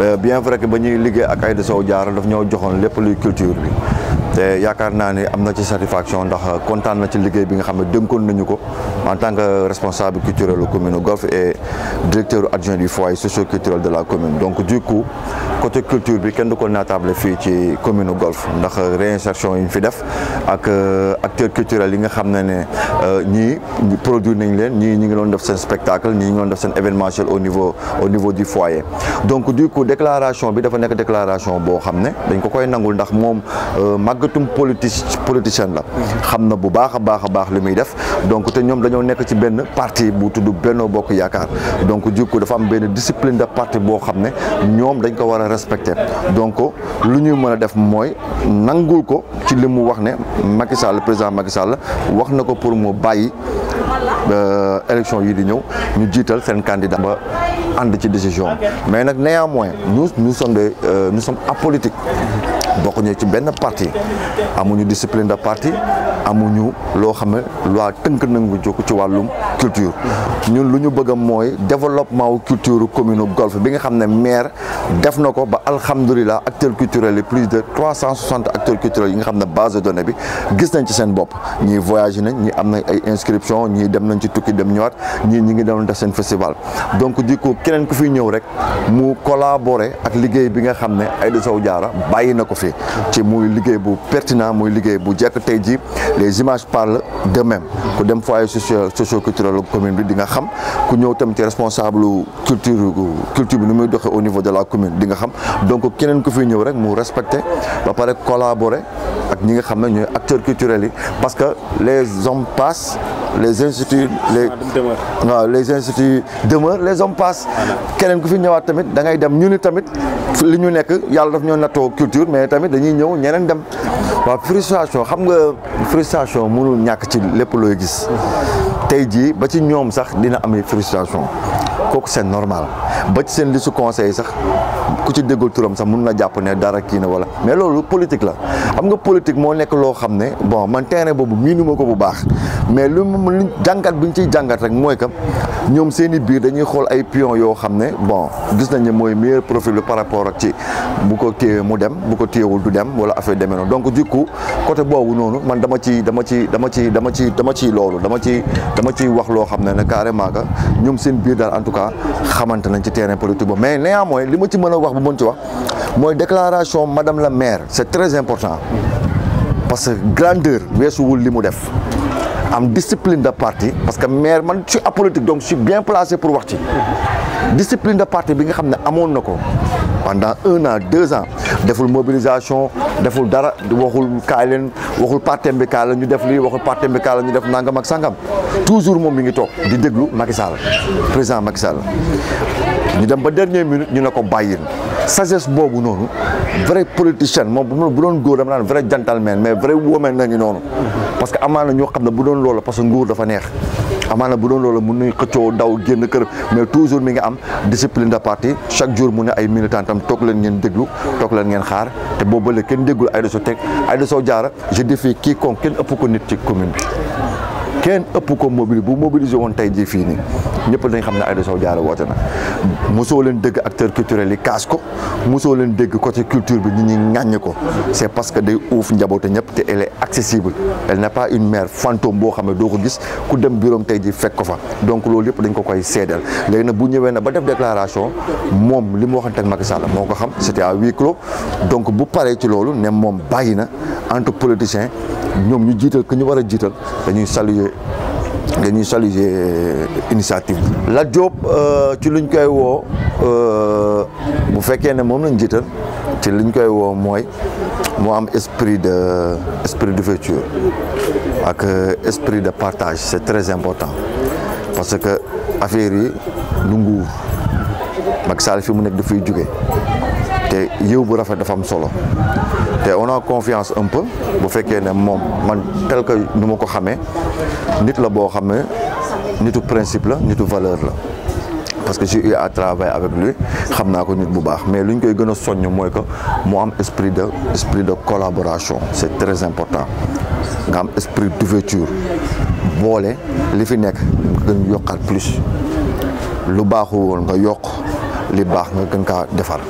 Euh, bien vrai que ba ñuy liggéey ak Aïda Sow Diawara daf ñoo joxoon lépp luy culture bi te yaakaar naa ne am na ci satisfaction ndax kontaan na ci liggéey bi nga xam ne dénkoon nañu ko en tant que responsable culturel de la commune Golf et directeur adjoint du foyer socio-culturel de la commune donc du coup côté culture bi kenn du ko naatable fii ci commune Golf ndax réinsertion yi ñu fi def ak euh, acteurs culturels yi nga xam ne ne euh, ñii produire nañ leen ñii ñi ngi doon def seen spectacle ñii ñi ngi doon def seen événementiel au niveau au niveau du foyer donc du coup déclaration bi dafa nekk déclaration boo xam ne dañ ko koy nangul ndax moom euh, mag tàggatum politique politicien la. xamna bu baax a baax limuy def donc té ñom dañu nekk ci benn parti bu tuddu Benno Bokk Yaakaar donc jikko dafa am benn discipline de parti bo xamné ñom dañ ko wara respecter donc lu ñuy mën def moy nangul ko ci limu wax né Macky Sall président Macky Sall wax na pour mu euh élection yi di ñew ñu jital sen candidat ba and ci décision mais nag néanmoins nous nous sommes des euh, nous sommes apolitiques bokkuñu ci benn parti amuñu discipline de parti amuñu loo xam ne loi tënk nangu jóg ci wàllum culture ñun lu ñu bëgg mooy développement culture commune golf bi nga xam ne maire def na ko ba alhamdulilah acteurs culturels yi plus de trois cent soixante acteurs culturels yi nga xam ne base de données bi gis nañ ci seen bopp ñii voyagé nañ ñii am nañ ay inscription ñii dem nañ ci tukki dem ñëwaat ñii ñi ngi demoon def seen festival donc di ko keneen ku fi ñëw rek mu collaborer ak liggéey bi nga xam ne Aïda Sow Diawara bàyyi fi ci muy liggéey bu pertinent muy liggéey bu jekk tey les images parlent d'eux-mêmes ku dem foyer socio socioculturel commune bi di nga xam ku ñëw tamit ci responsable culture culture bi nu muy doxee au niveau de la commune di nga xam donc keneen ku fi ñëw rek mu respecter ba pare collaborer ak ñi nga xam ne ñooy acteurs culturels yi parce que les hommes passent les instituts les ah, waaw les instituts demeurent les hommes passent keneen ku fi ñëwaat tamit da ngay dem ñu ni tamit li ñu nekk yàlla daf ñoo nattoo culture mais tamit dañuy ñëw ñeneen dem waaw frustration xam nga frustration mënul ñàkk ci lépp looy gis tey jii ba ci ñoom sax dina am frustration kooku seen normal ba ci seen listu conseil sax ku ci déggul turam sax mun na jàpp ne dara kii na wala mais loolu politique la xam nga politique moo nekk loo xam ne bon man terrain boobu miinuma ko bu baax mais lu jàngat bi ñu ciy jàngat rek mooy que ñoom seen i biir dañuy xool ay pion yoo xam ne bon gis nañ ne mooy meilleur profil bi par rapport ak ci bu ko téyee mu dem bu ko téyewul du dem wala affaire demee noonu donc du coup côté boobu noonu man dama ci dama ci dama ci dama ci dama ci loolu dama ci dama ciy wax loo xam ne ne carrément que ñoom seen biir daal en tout cas xamante nañ ci terrain politique ba mais néanmoins li ma ci mën a wax bu mën ci wax mooy déclaration madame la maire c'est très important parce que grandeur weesuwul li mu def am discipline de parti parce que maire je suis apolitique donc je suis bien placé pour voir discipline de parti bi nga xamné ne pendant un an deux ans deful mobilisation deful dara waxul kaay leen waxul partem bi kaay la ñu def lii waxul partem bi la ñu def nangam ak sangam toujours moom mi ngi toog di déglu Macky Sall président Macky Sall ñu dem ba dernière minute ñu ne ko bàyyi sagesse boobu noonu vrai politicien moom bu doon góor dama naan vrai gentleman mais vrai woman nañu noonu parce que amaan na ñoo xam ne bu doon loola parce que nguur dafa neex amaana bu doon loolu mun nañu xëccoo daw génn kër mais toujours mi nga am discipline de parti chaque jour mu ne ay militantam toog leen ngeen déglu toog leen ngeen xaar te boobu la kenn déggul Aïda Sow teg Aïda Sow Diawara je défie quiconque kenn ëpp ko nit ci commune bi kenn ëpp ko mobili bu mobilisé woon tey jii fii nii ñëpp dañ xam ne Aïda Sow Diawara woote na mosoo leen dégg acteur culturel yi kaas ko mosoo leen dégg côté culture bi ñi ñi ŋàññ ko c'est parce que day uuf njaboote ñëpp te elle est accessible elle n'est pas une mère fantôme boo xam ne doo ko gis ku dem bureau tey ji fekk ko fa donc loolu yëpp dañ ko koy seedal léegi nag bu ñëwee na ba def déclaration moom li mu waxante ak Macky Sall moo ko xam c'était à huis clos donc bu paree ci loolu ne moom bàyyi na entre politiciens ñoom ñu jiital que ñu war a jiital dañuy saluer dañuy saluer euh, initiative bi. Lat Diop euh, ci luñ koy woo euh, bu fekkee ne moom lañ jiital ci liñ koy woo mooy mu am esprit de esprit d'ouverture ak esprit de partage c'est très important parce que affaire yi du nguur Macky Sall fi mu nekk dafay jóge te yiw bu rafet dafa am solo Et on a confiance un peu bu fekkee ne moom man tel que nu ma ko xamee nit la boo xam ne nitu principe la nitu valeur la parce que j'ai eu à travailler avec lui xam naa ko nit bu mais lu ñu koy gën a soññ que moi, am esprit de esprit de collaboration c'est très important nga am esprit d'ouverture Voler, li fi nekk nga gën yokkaat plus lu baaxul woon nga yokk li baax nga gën kaa defar